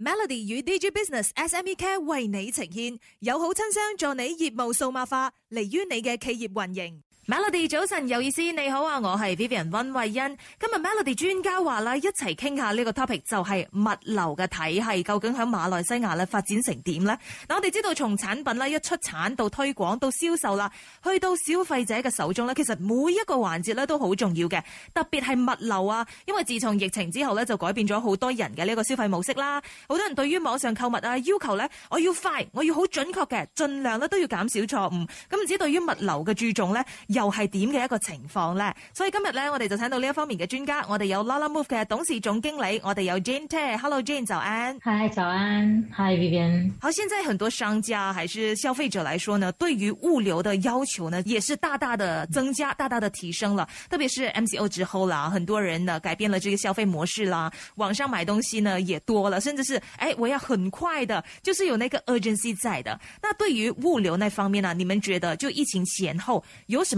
Melody 與 Digi Business SME Care 為你呈現，友好親商助你業務數碼化，利於你嘅企業運營。Melody，早晨有意思，你好啊，我係 Vivian 溫慧欣。今日 Melody 專家話啦，一齊傾下呢個 topic 就係物流嘅體系，究竟喺馬來西亞咧發展成點呢？嗱，我哋知道從產品一出產到推廣到銷售啦，去到消費者嘅手中咧，其實每一個環節咧都好重要嘅，特別係物流啊，因為自從疫情之後咧就改變咗好多人嘅呢個消費模式啦，好多人對於網上購物啊要求咧，我要快，我要好準確嘅，盡量咧都要減少錯誤。咁唔知對於物流嘅注重咧？又係點嘅一個情況呢？所以今日呢，我哋就請到呢一方面嘅專家，我哋有 Lalamove 嘅董事總經理，我哋有 Jane Teh，Hello Jane，早安。Hi，早安，Hi Vivian。好，現在很多商家還是消費者來說呢，對於物流的要求呢，也是大大的增加，大大的提升了。特別是 MCO 之後啦，很多人呢改變了這個消費模式啦，網上買東西呢也多了，甚至是誒、哎，我要很快的，就是有那個 urgency 在的。那對於物流那方面呢、啊，你們覺得就疫情前後有什麼？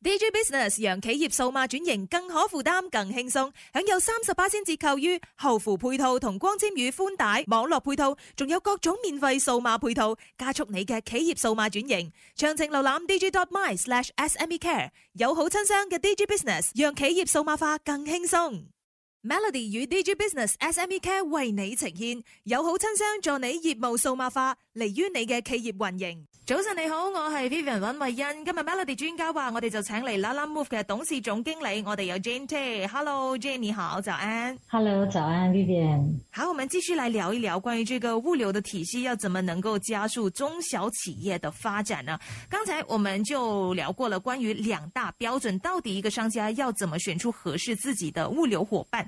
Digi Business 讓企業數碼轉型更可負擔、更輕鬆，享有三十八巴仙折扣於後付配套同光纖與寬帶網絡配套，仲有各種免費數碼配套，加速你嘅企業數碼轉型。詳情瀏覽 Digi dot my slash S M E Care，友好親商嘅 Digi Business 讓企業數碼化更輕鬆。Melody 與 DJ Business SME Care 為你呈現友好親商，助你業務數碼化，利於你嘅企業運營。早晨你好，我係 Vivian 尹慧欣。今日 Melody 專家話，我哋就請嚟啦啦 Move 嘅董事總經理，我哋有 Jane Teh。Hello Jane，你好，早安。Hello，早安，Vivian。Viv 好，我們繼續來聊一聊關於這個物流的體系，要怎麼能夠加速中小企業的發展呢？啊？剛才我們就聊過了關於兩大標準，到底一個商家要怎麼選出合適自己的物流伙伴？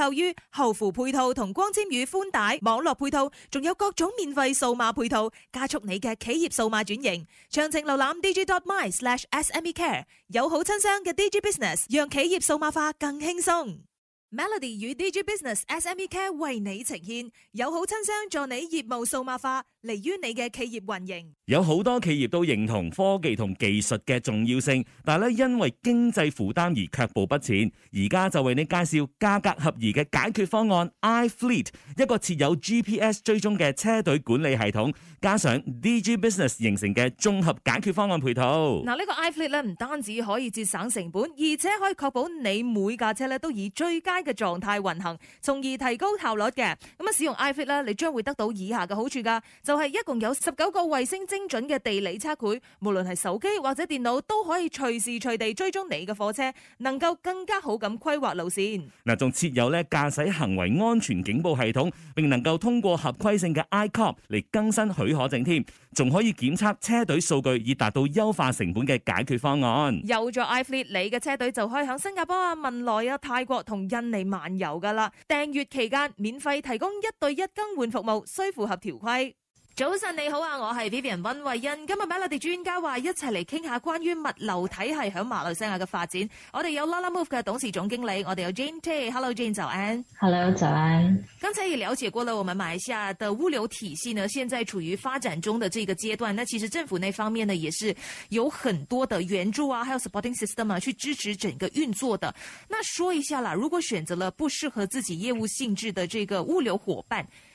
由於後扶配套同光纖與寬帶網絡配套，仲有各種免費數碼配套，加速你嘅企業數碼轉型。詳情瀏覽 dg.dot.my/smecare，友好親商嘅 Digi Business，讓企業數碼化更輕鬆。Melody 與 DG Business SME Care 為你呈現，有好親相助你業務數碼化，利於你嘅企業運營。有好多企業都認同科技同技術嘅重要性，但係咧因為經濟負擔而卻步不前。而家就為你介紹價格合宜嘅解決方案 ——iFleet，一個設有 GPS 追蹤嘅車隊管理系統，加上 DG Business 形成嘅綜合解決方案配套。嗱，呢個 iFleet 咧唔單止可以節省成本，而且可以確保你每架車咧都以最佳。嘅狀態運行，從而提高效率嘅。咁啊，使用 iFit 啦，fit，你將會得到以下嘅好處噶，就係、是、一共有十九個衛星精準嘅地理測繪，無論係手機或者電腦都可以隨時隨地追蹤你嘅貨車，能夠更加好咁規劃路線。嗱，仲設有咧駕駛行為安全警報系統，並能夠通過合規性嘅 iCop 嚟更新許可證添。仲可以檢測車隊數據，以達到優化成本嘅解決方案。有咗 iFly，你嘅車隊就可以響新加坡啊、文萊啊、泰國同印尼漫遊噶啦。訂閱期間免費提供一對一更換服務，需符合條規。早晨你好啊，我係 Vivian 溫慧欣，今日 Melody 專家話一齊嚟傾下關於物流體系喺馬來西亞嘅發展。我哋有 Lalamove 嘅董事總經理我哋有 Jane Teh，Hello Jane，早安。Hello，早安。剛才也了解過了，我們馬來西亞的物流體系呢，現在處於發展中的這個階段。那其實政府那方面呢，也是有很多的援助啊，還有 supporting system 啊，去支持整個運作的。那說一下啦，如果選擇了不適合自己業務性質的這個物流伙伴。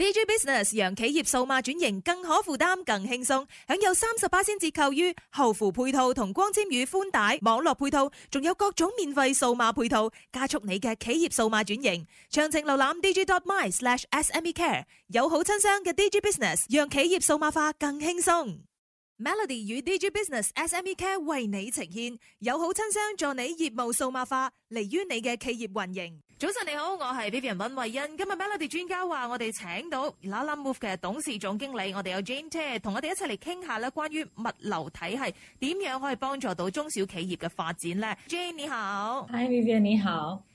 Digi Business 讓企業數碼轉型更可負擔、更輕鬆，享有三十八巴仙折扣於後付配套同光纖與寬帶網絡配套，仲有各種免費數碼配套，加速你嘅企業數碼轉型。詳情瀏覽 digi dot my slash s m e care 友好親商嘅 Digi Business 讓企業數碼化更輕鬆。Melody 與 Digi Business S M E Care 為你呈現友好親商，助你業務數碼化，利於你嘅企業運營。早晨你好，我係 Vivian 温慧欣。今日 Melody 專家話，我哋請到 Lalamove 嘅董事總經理，我哋有 Jane Teh 同我哋一齊嚟傾下咧，關於物流體係點樣可以幫助到中小企業嘅發展咧？Jane 你好，Hi Vivian 你好。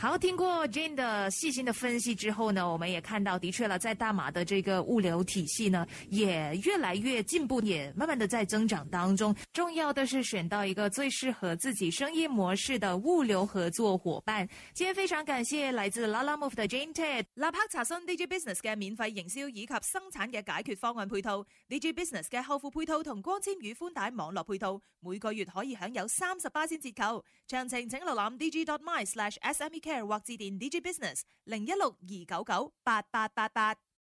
好，聽過 Jane 的細心的分析之後呢，我們也看到，的確了，在大馬的這個物流體系呢，也越來越進步，也慢慢的在增長當中。重要的是選到一個最適合自己生意模式的物流合作夥伴。今天非常感謝來自 Lalamove 的 Jane Teh。立刻查詢 DG Business 嘅免費營銷以及生產嘅解決方案配套，DG Business 嘅後付配套同光纖與寬帶網絡配套，每個月可以享有三十巴仙折扣。詳情請瀏覽 dg.my/sme。Sm 或致電 Digi Business 零一六二九九八八八八。